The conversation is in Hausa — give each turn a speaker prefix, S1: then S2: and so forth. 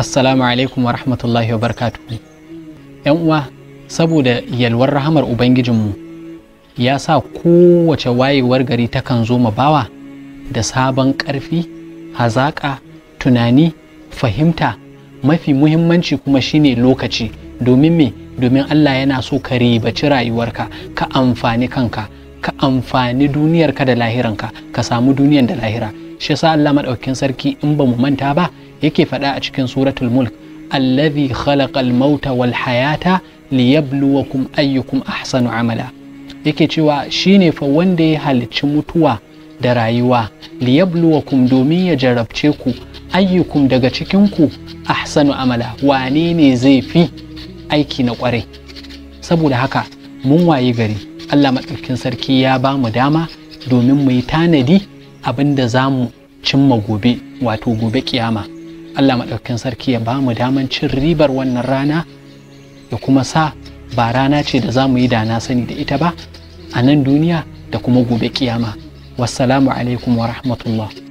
S1: Assalamu alaikum wa rahmatullahi wa ‘Yan uwa, saboda yalwar rahamar Ubangijinmu ya sa kowace wayewar gari takan zo bawa da sabon ƙarfi, hazaƙa, tunani, fahimta, mafi muhimmanci kuma shine lokaci domin me domin Allah yana so ka ribaci rayuwarka ka amfani kanka ka amfani duniyarka da lahiranka ka samu duniyar da lahira shi yasa Allah madaukakin sarki in ba mu manta ba yake faɗa a cikin suratul mulk allazi khalaqal mauta wal hayata liyabluwakum ayyukum ahsanu amala yake cewa shine fa wanda ya halicci mutuwa da rayuwa liyabluwakum domin ya jarabce ku ayyukum daga cikin ku ahsanu amala wane ne zai fi aiki na kwarai saboda haka mun waye gari Allah maɗaukin sarki ya ba mu dama domin mu yi tanadi abin da za mu cimma gobe wato gobe kiyama Allah maɗaukakin sarki ya ba mu daman cin ribar wannan rana Da kuma sa ba rana ce da za mu yi dana sani da ita ba a nan duniya da kuma gobe kiyama wassalamu alaikum wa rahmatullah